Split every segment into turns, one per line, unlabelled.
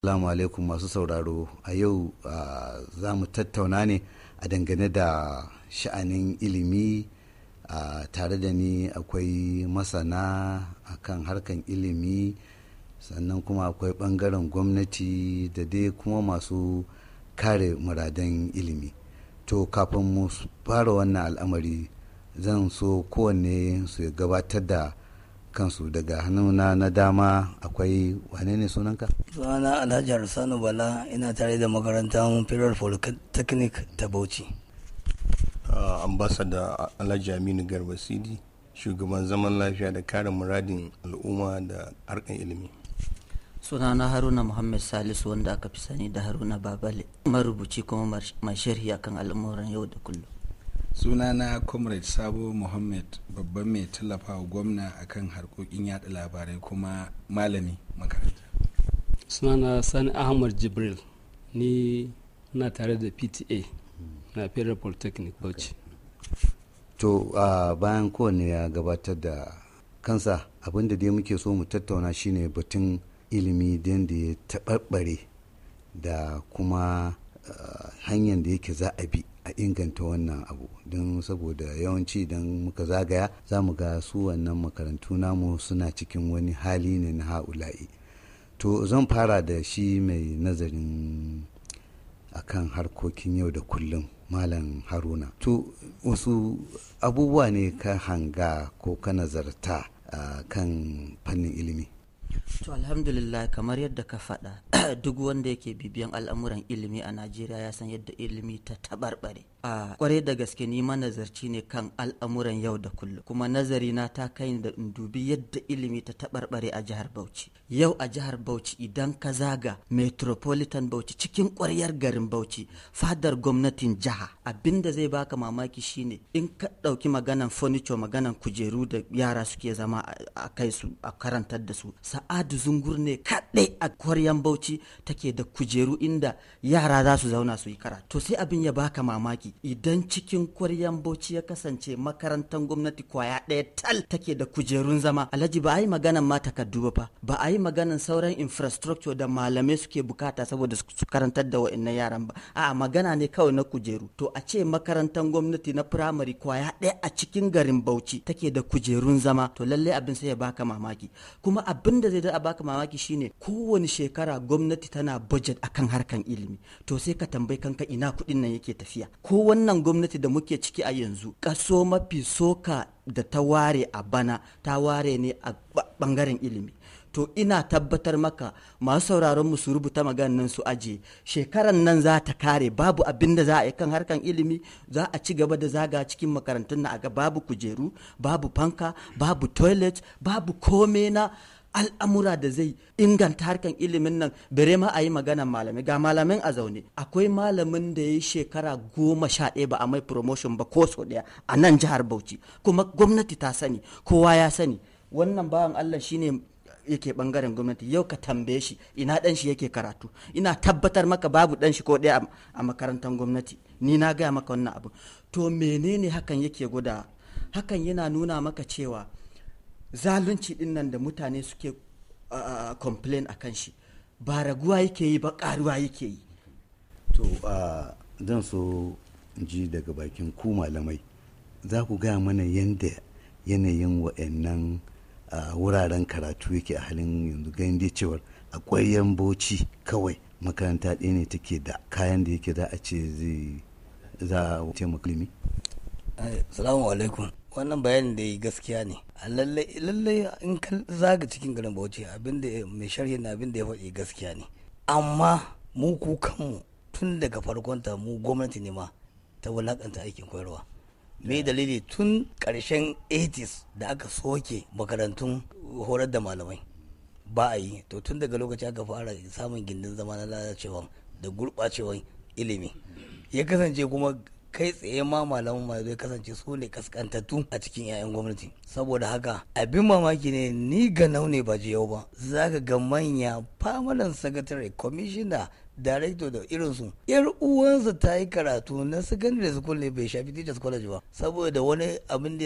Assalamu alaikum masu sauraro a yau za mu tattauna ne a dangane da sha'anin ilimi tare da ni akwai masana akan harkan ilimi sannan kuma akwai bangaren gwamnati da dai kuma masu kare muradan ilimi to kafin mu fara wannan al'amari zan so kowanne su gabatar da kansu daga hannuna na dama akwai wane ne sunanka?
sunana alhaji harsanu bala ina tare da makarantar firar polytechnic ta bauchi
ambasada alhaji aminu garba sidi shugaban zaman lafiya da kare muradin al'umma da harkar ilimi sunana haruna muhammad
salisu wanda aka fi sani da haruna babale marubuci kuma mai sharhi akan al'amuran yau da
kullum
sunana comrade sabo muhammad babban mai tallafawa gwamna akan harkokin yada labarai kuma malami makaranta
sunana sani ahmad jibril ni na tare da pta na federal
polytechnic bauchi to bayan kowane ya gabatar da kansa abinda dai muke so mu tattauna shine batun ilimi da ya taɓarɓare da kuma hanyar da yake za a bi a inganta wannan abu don saboda yawanci don muka zagaya za mu ga su wannan makarantu namu suna cikin wani hali ne na ha'ula'i to zan fara da shi mai nazarin akan harkokin yau da kullum malam haruna to wasu abubuwa ne ka hanga ko ka nazarta kan fannin ilimi
to alhamdulillah kamar yadda ka faɗa duk wanda yake bibiyan al'amuran ilimi a najeriya ya san yadda ilimi ta taɓarɓare a kware da gaske ni nazarci ne kan al'amuran yau da kullum kuma nazari na ta kai da in dubi yadda ilimi ta taɓarɓare a jihar Bauchi yau a jihar Bauchi idan ka zaga metropolitan Bauchi cikin ƙwaryar garin Bauchi fadar gwamnatin jiha abinda zai baka mamaki shine in ka ɗauki maganan furniture maganan kujeru da yara suke zama a kai su a karantar da su Sa'adu Zungur ne kaɗai a ƙwaryan Bauchi take da kujeru inda yara za su zauna su yi karatu to sai abin ya baka mamaki idan cikin kwaryan bauchi ya kasance makarantar gwamnati kwaya ɗaya tal take da kujerun zama alhaji ba a yi maganan ma takardu ba ba a yi maganan sauran infrastructure da malamai suke bukata saboda su karantar da wa'annan yaran ba a magana ne kawai na kujeru to a ce makarantar gwamnati na primary kwaya ɗaya a cikin garin bauchi take da kujerun zama to lallai abin sai ya baka mamaki kuma abin da zai da baka mamaki shine kowani shekara gwamnati tana budget akan harkan ilimi to sai ka tambayi kanka ina kuɗin nan yake tafiya ko wannan gwamnati da muke ciki a yanzu kaso mafi soka da ta ware a bana ta ware ne a bangaren ilimi to ina tabbatar maka masu sauraron mu su rubuta maganin nan su aje shekaran nan za ta kare babu abin da za a yi kan harkan ilimi za a ci gaba da zaga cikin makarantun na aga babu kujeru babu fanka babu toilet babu komai na al'amura da zai inganta harkan ilimin nan bare ma a yi maganan malamai ga malamin a zaune akwai malamin da ya yi shekara goma sha ɗaya ba a mai promotion ba ko so ɗaya a nan jihar bauchi kuma gwamnati ta sani kowa ya sani wannan bawan allah shine yake bangaren gwamnati yau ka tambaye shi ina dan shi yake karatu ina tabbatar maka babu dan shi ko ɗaya a makarantar gwamnati ni na gaya maka wannan abu to menene hakan yake guda hakan yana nuna maka cewa zalunci din nan da mutane suke complain a kan shi ba raguwa yake yi ba karuwa yake yi
to zan so ji daga bakin ku malamai za ku gaya mana yadda yanayin wa'annan wuraren karatu yake a halin yanzu ganin dai cewar akwai yamboci kawai makaranta ɗaya ne take da kayan da yake za a ce zai za a taimaka limi.
alaikum. Wannan bayanin da gaskiya ne. lallai in kan zaga cikin garin bauchi abinda mai sharhi na abinda ya faɗi gaskiya ne amma mu ku kanmu tun daga farkon ta mu gwamnati ne ma ta wulakanta aikin koyarwa me dalili tun ƙarshen 80s da aka soke makarantun horar da malamai ba a yi to tun daga lokaci aka fara samun gindin zama na lalacewa da gurɓacewa ilimi ya kasance kuma kai tsaye ma malaman ma zai kasance su ne kaskantattu a cikin 'ya'yan gwamnati saboda haka abin mamaki ne ni ga naune ba yau ba za ka ga manya famalan sakatare kwamishina director da irinsu yar uwansa ta yi karatu na secondary school ne bai shafi teachers college ba saboda wani abin da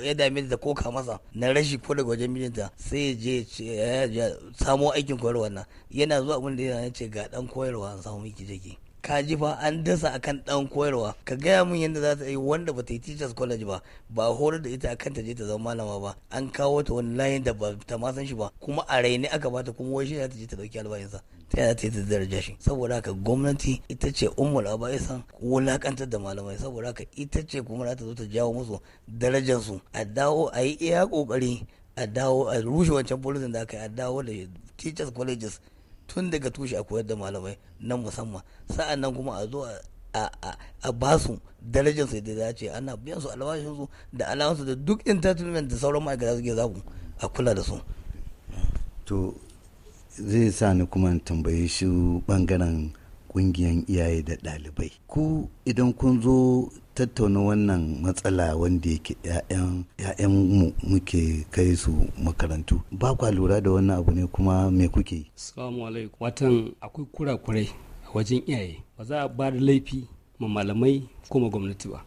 ya dame ah, da koka masa na rashi ko daga wajen mijinta sai ya je samo aikin koyarwa nan yana zuwa abin da ya ce ga dan koyarwa an samu miki jiki ka ji fa an dasa akan dan koyarwa ka gaya min yadda za ta yi wanda ba ta yi teachers college ba ba horar da ita akan ta je ta zama malama ba an kawo ta wani layin da ba ta ma san shi ba kuma a raini aka bata kuma wai shi za ta je ta dauki albayinsa ta yaya ta yi ta daraja shi saboda haka gwamnati ita ce ummul abaisan wulakantar da malamai saboda haka ita ce kuma za ta zo ta jawo musu darajarsu a dawo a yi iya kokari a dawo a rushe wancan bulletin da aka yi a dawo da teachers colleges tun daga tushe a koyar da malamai na musamman sa'an nan kuma a zo a ba su darajar su da dace ana biyan su albashin su da alawansu da duk entertainment da sauran ma'aikata suke zaku a kula da su
to zai sa ni kuma tambaye shi bangaren kungiyan iyaye da ɗalibai ku idan kun zo tattauna wannan matsala wanda yake 'ya'yan mu muke kai su makarantu ba kwa lura da wannan abu ne kuma me kuke yi
salamu alaikum watan akwai kurakurai a wajen iyaye ba za a ba da laifi ma malamai ko ma gwamnati ba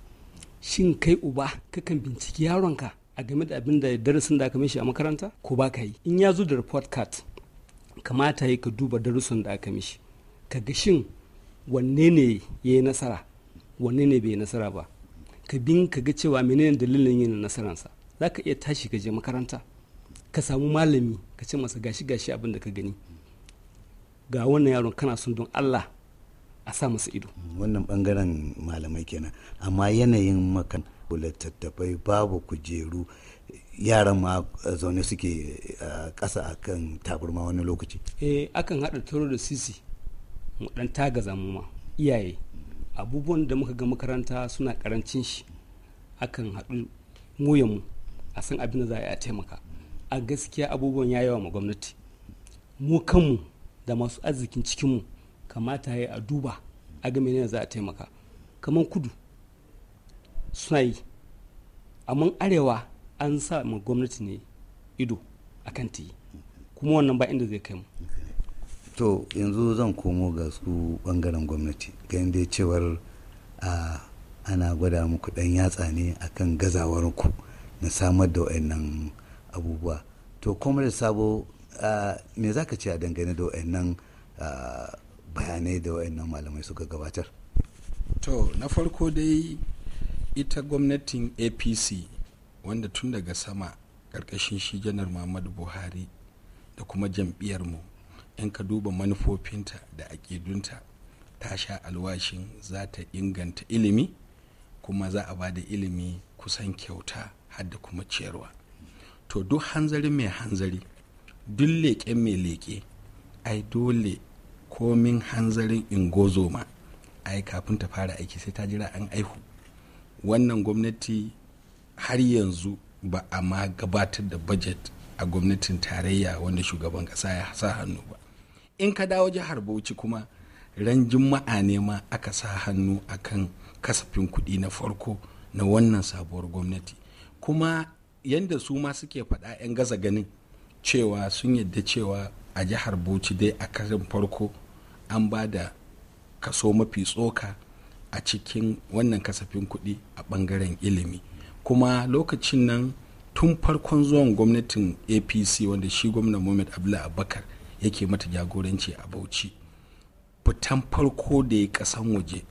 shin kai uba kakan binciki yaronka a game da abin da darasin da aka mishi a makaranta ko ba ka yi in ya zo da report card kamata ya ka duba darasin da aka mishi ka ga shin wanne ne ya yi nasara wanne ne bai nasara ba ka bin ka ga cewa menene dalilin yin nasararsa za ka iya tashi ka je makaranta ka samu malami ka ce masa gashi gashi abin da ka gani ga wannan yaron kana son don Allah
a sa masa ido wannan bangaren malamai kenan amma yanayin makan littattafai babu kujeru yaran ma zaune suke eh, ƙasa akan taburma wani lokaci
eh akan haɗa toro da sisi dan tagaza mu iyaye abubuwan da muka ga makaranta suna karancin shi akan haɗu muyan mu a san abin da za a yi a taimaka a gaskiya abubuwan ya yawa ma gwamnati mu kanmu da masu arzikin cikinmu kamata ya a duba a ga da za a taimaka kamar kudu suna yi amma arewa an sa ma gwamnati ne ido a kan ta yi kuma wannan ba inda zai kai mu
to yanzu zan komo ga su bangaren gwamnati ganin dai cewar ana gwada muku dan yatsa ne akan gazawar ku na samar da wayannan abubuwa to comrade sabo me za ka ce a dangane da wayannan bayanai da wayannan malamai suka gabatar to na farko
dai ita gwamnatin apc wanda tun daga sama ƙarƙashin shi janar muhammadu buhari da kuma jam'iyyar mu. in ka duba manufofinta da aƙidunta ta sha alwashin za ta inganta ilimi kuma za a ba ilimi kusan kyauta hadda kuma ciyarwa to duk hanzari mai hanzari duk leƙe mai leƙe ai dole komin hanzarin in gozo ma ai kafin ta fara aiki sai ta jira an aihu wannan gwamnati har yanzu ba a ma gabatar da budget a gwamnatin tarayya wanda shugaban ƙasa ya sa hannu ba in ka dawo jihar bauchi kuma ranjin juma'a ne ma aka sa hannu akan kasafin kuɗi na farko na wannan sabuwar gwamnati kuma yadda su ma suke faɗa 'yan gaza ganin cewa sun yadda cewa a jihar bauchi dai a karin farko an ba da kaso mafi tsoka a cikin wannan kasafin kuɗi a ɓangaren ilimi kuma lokacin nan tun farkon zuwan gwamnatin apc wanda shi gwamna mohamed abdullahi abubakar yake mata jagoranci a bauchi fitan farko da ya kasan waje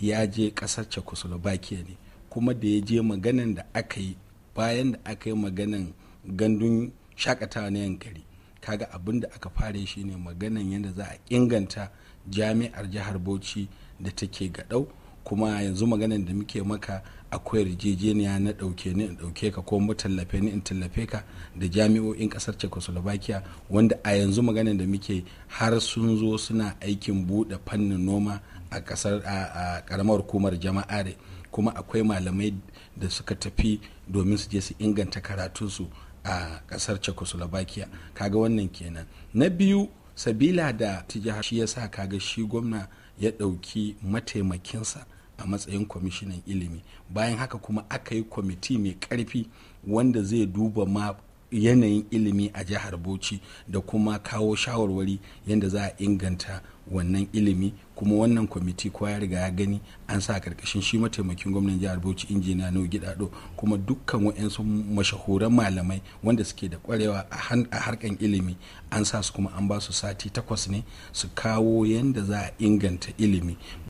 ya je kasar czechoslovakia ne kuma da ya je maganan da aka yi bayan da aka yi maganan gandun shakatawa na yankari kaga abin da aka fara shi ne maganan yadda za a inganta jami'ar jihar bauchi da take gaɗau kuma yanzu maganan da muke maka akwai yarjejeniya na ɗauke ni in ɗauke ka ko mu tallafe ni in tallafe ka da jami'o'in ƙasar czechoslovakia wanda a yanzu magana da muke har sun zo suna aikin buɗe fannin noma a ƙasar a ƙaramar hukumar jama'a re kuma akwai malamai da suka tafi domin su je su inganta karatunsu a ƙasar czechoslovakia kaga wannan kenan na biyu sabila da tijaha shi ya sa kaga shi gwamna ya ɗauki mataimakinsa a matsayin kwamishinan ilimi bayan haka kuma aka yi kwamiti mai karfi wanda zai duba ma yanayin ilimi a jihar bauchi da kuma kawo shawarwari yadda za a inganta wannan ilimi kuma wannan kwamiti kwa ya riga ya gani an sa karkashin shi mataimakin gwamnan jihar bauchi injiniya nau gidado kuma dukkan wa'yansu mashahuran malamai wanda suke da kwarewa a harkan ilimi an sa su kuma an ba su sati takwas ne su kawo yadda za a inganta ilimi